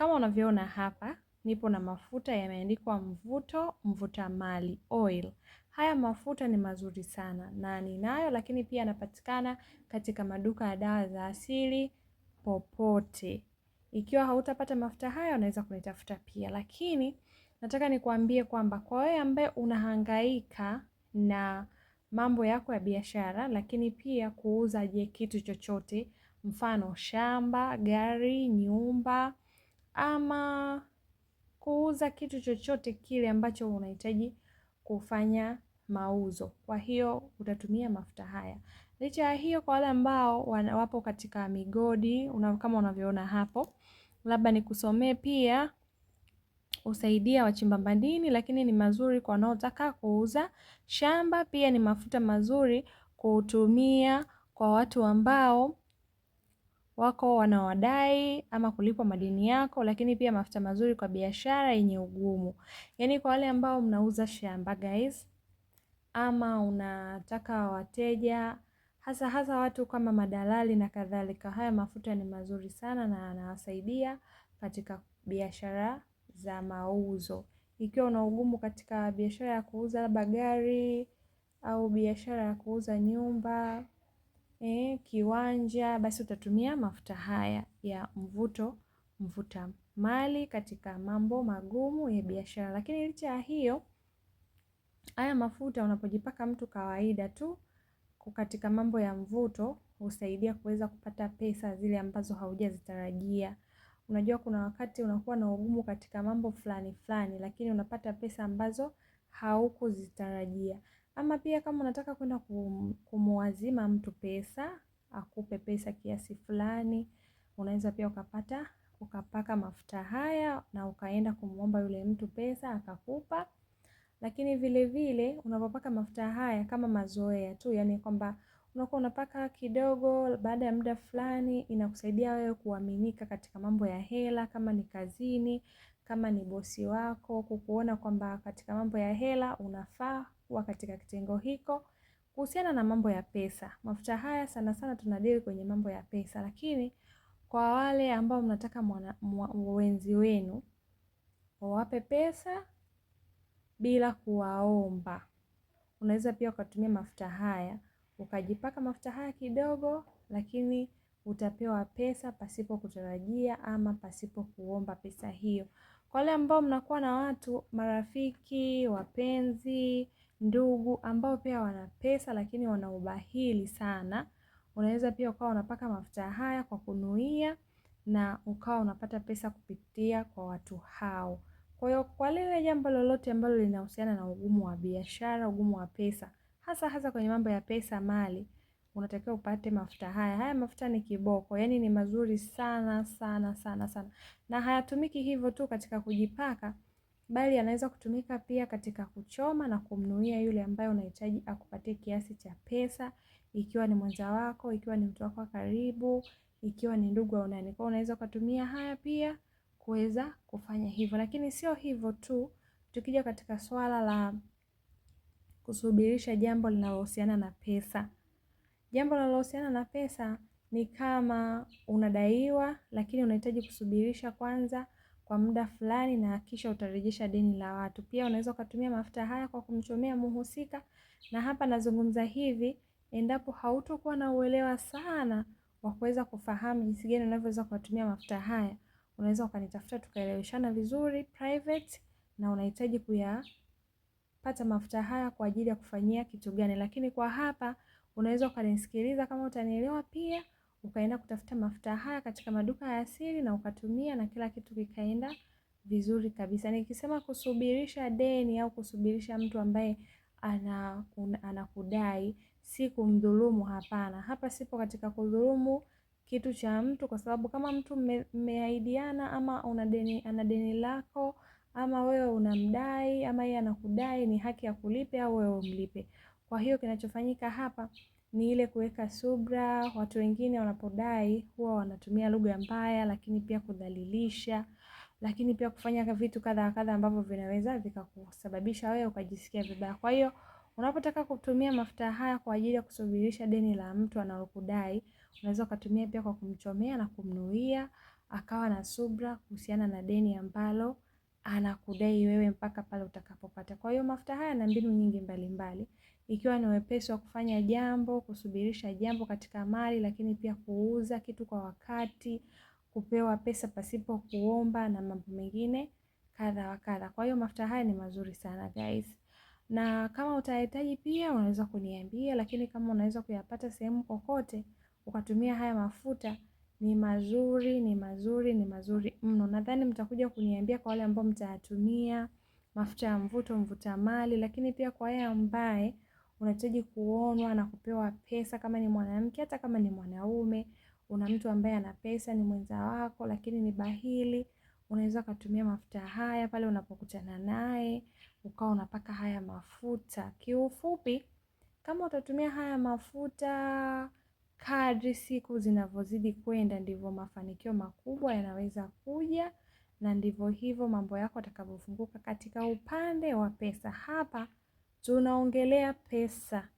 Kama unavyoona hapa, nipo na mafuta yameandikwa mvuto mvuta mali oil. Haya mafuta ni mazuri sana na ninayo, lakini pia yanapatikana katika maduka ya dawa za asili popote. Ikiwa hautapata mafuta haya, unaweza kunitafuta pia, lakini nataka nikuambie kwamba kwa wewe ambaye unahangaika na mambo yako ya biashara, lakini pia kuuza je kitu chochote, mfano shamba, gari, nyumba ama kuuza kitu chochote kile ambacho unahitaji kufanya mauzo. Kwa hiyo utatumia mafuta haya. Licha ya hiyo kwa wale ambao wapo katika migodi kama unavyoona hapo, labda nikusomee pia husaidia wachimba madini lakini ni mazuri kwa wanaotaka kuuza shamba, pia ni mafuta mazuri kutumia kwa watu ambao wako wanaodai ama kulipwa madeni yako, lakini pia mafuta mazuri kwa biashara yenye ugumu. Yaani kwa wale ambao mnauza shamba guys, ama unataka wateja hasa hasa watu kama madalali na kadhalika, haya mafuta ni mazuri sana na anawasaidia katika biashara za mauzo. Ikiwa una ugumu katika biashara ya kuuza labda gari au biashara ya kuuza nyumba e, kiwanja, basi utatumia mafuta haya ya mvuto mvuta mali katika mambo magumu ya biashara. Lakini licha ya hiyo, haya mafuta unapojipaka mtu kawaida tu katika mambo ya mvuto husaidia kuweza kupata pesa zile ambazo haujazitarajia. Unajua kuna wakati unakuwa na ugumu katika mambo fulani fulani, lakini unapata pesa ambazo haukuzitarajia. Ama pia kama unataka kwenda kumwazima mtu pesa, akupe pesa kiasi fulani, unaweza pia ukapata, ukapaka mafuta haya na ukaenda kumuomba yule mtu pesa, akakupa. Lakini vile vile unapopaka mafuta haya kama mazoea tu, yani kwamba unakuwa unapaka kidogo, baada ya muda fulani inakusaidia wewe kuaminika katika mambo ya hela, kama ni kazini, kama ni bosi wako kukuona kwamba katika mambo ya hela unafaa kuwa katika kitengo hiko. Kuhusiana na mambo ya pesa, mafuta haya sana sana tunadili kwenye mambo ya pesa, lakini kwa wale ambao mnataka mwana, wenzi wenu wawape pesa bila kuwaomba, unaweza pia ukatumia mafuta haya ukajipaka mafuta haya kidogo, lakini utapewa pesa pasipo kutarajia ama pasipo kuomba pesa hiyo. Kwa wale ambao mnakuwa na watu marafiki, wapenzi, ndugu ambao pia wana pesa lakini wana ubahili sana, unaweza pia ukawa unapaka mafuta haya kwa kunuia na ukawa unapata pesa kupitia kwa watu hao. Kwa hiyo kwa lile jambo lolote ambalo linahusiana na ugumu wa biashara, ugumu wa pesa, hasa hasa kwenye mambo ya pesa mali, unatakiwa upate mafuta haya. Haya mafuta ni kiboko, yani ni mazuri sana sana sana sana, na hayatumiki hivyo tu katika kujipaka, bali yanaweza kutumika pia katika kuchoma na kumnuia yule ambaye unahitaji akupatie kiasi cha pesa, ikiwa ni mwenza wako, ikiwa ni mtu wako wa karibu, ikiwa ni ndugu au nani. Kwa unaweza ukatumia haya pia kuweza kufanya hivyo, lakini sio hivyo tu. Tukija katika swala la kusubirisha jambo linalohusiana na pesa Jambo linalohusiana na pesa ni kama unadaiwa lakini unahitaji kusubirisha kwanza kwa muda fulani na kisha utarejesha deni la watu. Pia unaweza ukatumia mafuta haya kwa kumchomea muhusika na hapa nazungumza hivi endapo hautokuwa na uelewa sana wa kuweza kufahamu jinsi gani unavyoweza kuyatumia mafuta haya. Unaweza ukanitafuta tukaeleweshana vizuri private na unahitaji kuyapata mafuta haya kwa ajili ya kufanyia kitu gani. Lakini kwa hapa Unaweza ukanisikiliza kama utanielewa, pia ukaenda kutafuta mafuta haya katika maduka ya asili na ukatumia na kila kitu kikaenda vizuri kabisa. Nikisema kusubirisha deni au kusubirisha mtu ambaye anakudai si kumdhulumu, hapana. Hapa sipo katika kudhulumu kitu cha mtu, kwa sababu kama mtu mmeahidiana ama una deni, ana deni lako ama wewe unamdai ama yeye anakudai, ni haki ya kulipe au wewe umlipe. Kwa hiyo kinachofanyika hapa ni ile kuweka subra. Watu wengine wanapodai huwa wanatumia lugha mbaya, lakini pia kudhalilisha, lakini pia kufanya vitu kadha wa kadha ambavyo vinaweza vikakusababisha wewe ukajisikia vibaya. Kwa hiyo unapotaka kutumia mafuta haya kwa ajili ya kusubirisha deni la mtu anayokudai, unaweza ukatumia pia kwa kumchomea na kumnuia, akawa na subra kuhusiana na deni ambalo anakudai wewe mpaka pale utakapopata. Kwa hiyo mafuta haya yana mbinu nyingi mbalimbali. mbali ikiwa ni wepesi wa kufanya jambo, kusubirisha jambo katika mali, lakini pia kuuza kitu kwa wakati, kupewa pesa pasipo kuomba na mambo mengine kadha wa kadha. Kwa hiyo mafuta haya ni mazuri sana guys, na kama utahitaji pia unaweza kuniambia, lakini kama unaweza kuyapata sehemu kokote ukatumia haya mafuta ni mazuri, ni mazuri, ni mazuri mno. Nadhani mtakuja kuniambia kwa wale ambao mtayatumia mafuta ya mvuto, mvuta mali, lakini pia kwa yeye ambaye unahitaji kuonwa na kupewa pesa kama ni mwanamke, hata kama ni mwanaume. Una mtu ambaye ana pesa, ni mwenza wako lakini ni bahili, unaweza ukatumia mafuta haya pale unapokutana naye, ukawa unapaka haya mafuta. Kiufupi, kama utatumia haya mafuta kadri siku zinavyozidi kwenda, ndivyo mafanikio makubwa yanaweza kuja na ndivyo hivyo mambo yako atakavyofunguka katika upande wa pesa. Hapa Tunaongelea pesa,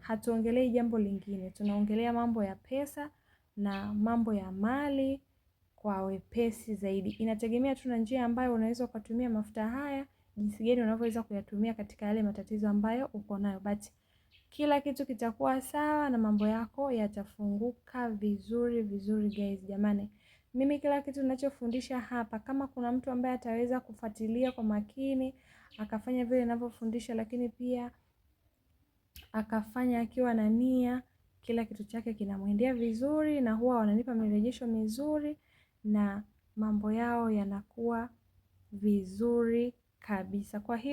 hatuongelei jambo lingine. Tunaongelea mambo ya pesa na mambo ya mali kwa wepesi zaidi. Inategemea tu na njia ambayo unaweza ukatumia mafuta haya, jinsi gani unavyoweza kuyatumia katika yale matatizo ambayo uko nayo, but kila kitu kitakuwa sawa na mambo yako yatafunguka vizuri vizuri. Guys, jamani, mimi kila kitu ninachofundisha hapa, kama kuna mtu ambaye ataweza kufuatilia kwa makini akafanya vile ninavyofundisha, lakini pia akafanya akiwa na nia, kila kitu chake kinamwendea vizuri, na huwa wananipa mirejesho mizuri na mambo yao yanakuwa vizuri kabisa. Kwa hiyo